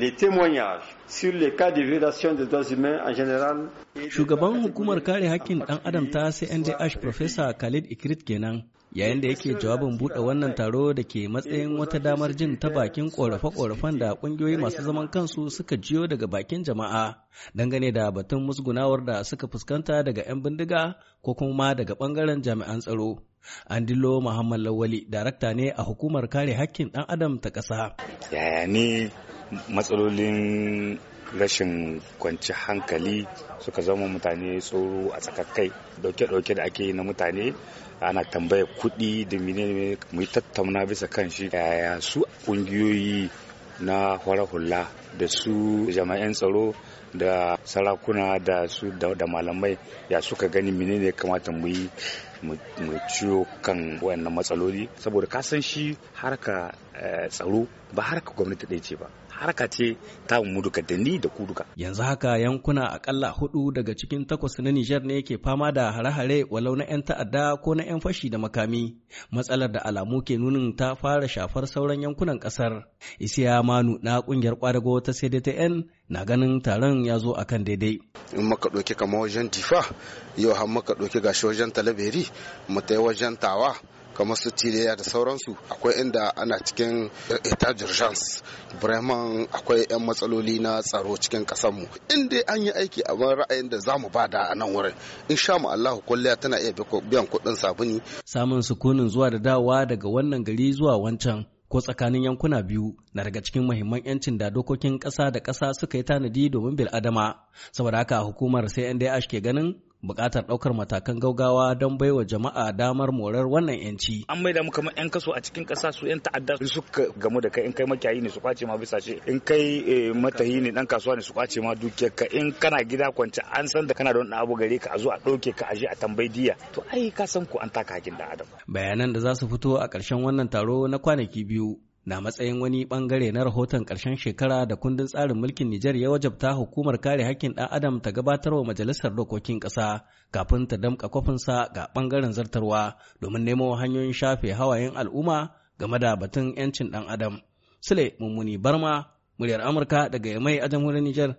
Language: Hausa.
les témoignages sur les cas de violation des droits humains en général. Shugaban hukumar kare hakkin ɗan adam ta CNDH euh, Professor Khalid Ikrit kenan yayin da yake jawabin buɗe wannan taro da ke matsayin wata damar jin ta bakin ƙorafe-ƙorafen da ƙungiyoyi masu zaman kansu suka jiyo daga bakin jama'a dangane da batun musgunawar da suka fuskanta daga 'yan bindiga ko kuma daga bangaren jami'an tsaro. Andilo Muhammad Lawali, darakta ne a hukumar kare hakkin ɗan adam ta ƙasa. Yaya ne matsalolin rashin kwanci hankali suka zama mutane tsoro a tsakakai dauke-dauke da ake yi na mutane ana tambaya kuɗi da mine mu tattauna bisa kan shi yaya su ƙungiyoyi na hula da su jama'an tsaro da sarakuna da su da malamai ya suka gani mine ne kamata mu yi mu ciyo kan wayannan matsaloli saboda ka san shi harka eh, tsaro ba harka gwamnati ɗaya ce ba harka ce ta mu duka da ni da ku duka. Yanzu haka yankuna akalla hudu daga cikin takwas na Nijar ne ke fama da hare-hare walau na 'yan ta'adda ko na 'yan fashi da makami. Matsalar da alamu ke nunin ta fara shafar sauran yankunan kasar. Isiya Manu na kungiyar kwadago ta CDTN na ganin taron ya zo akan daidai. in maka ɗauki kama wajen difa yau har maka ɗauki gashi wajen talaberi mu yi wajen tawa kamar su tiliya da sauransu akwai inda ana cikin ita jurgens bremen akwai 'yan matsaloli na tsaro cikin kasanmu in dai an yi aiki a ra'ayin da za mu bada a nan wurin in sha mu allahu kulliya tana iya biyan kuɗin sabuni samun sukunin zuwa da dawa daga wannan gari zuwa wancan ko tsakanin yankuna biyu na daga cikin mahimman 'yancin da dokokin ƙasa da ƙasa suka yi tanadi domin bil'adama saboda haka hukumar sai ke ganin Bukatar ɗaukar matakan gaugawa don baiwa jama'a damar morar wannan yanci. An maida mu kamar 'yan kaso a cikin ƙasa su 'yan ta'adda su gamu da kai in kai makiyayi ne su kwace ma bisa shi in kai eh, matahi ne dan kasuwa ne su kwace ma dukiyar ka in kana gida kwance an san da kana da wani abu gare ka a zo a ɗauke ka a je a tambayi diya to ai ka san ko an taka hakin da adam. Bayanan da za su fito a ƙarshen wannan taro na kwanaki biyu na matsayin wani bangare na rahoton ƙarshen shekara da kundin tsarin mulkin Nijar ya wajabta hukumar kare hakkin ɗan adam ta gabatar wa majalisar dokokin ƙasa kafin ta damƙa kwafinsa ga ɓangaren zartarwa domin nemo hanyoyin shafe hawayen al'umma game da batun 'yancin ɗan adam. Sule Mummuni Barma, muryar Amurka daga Yamai a jamhuriyar Nijar.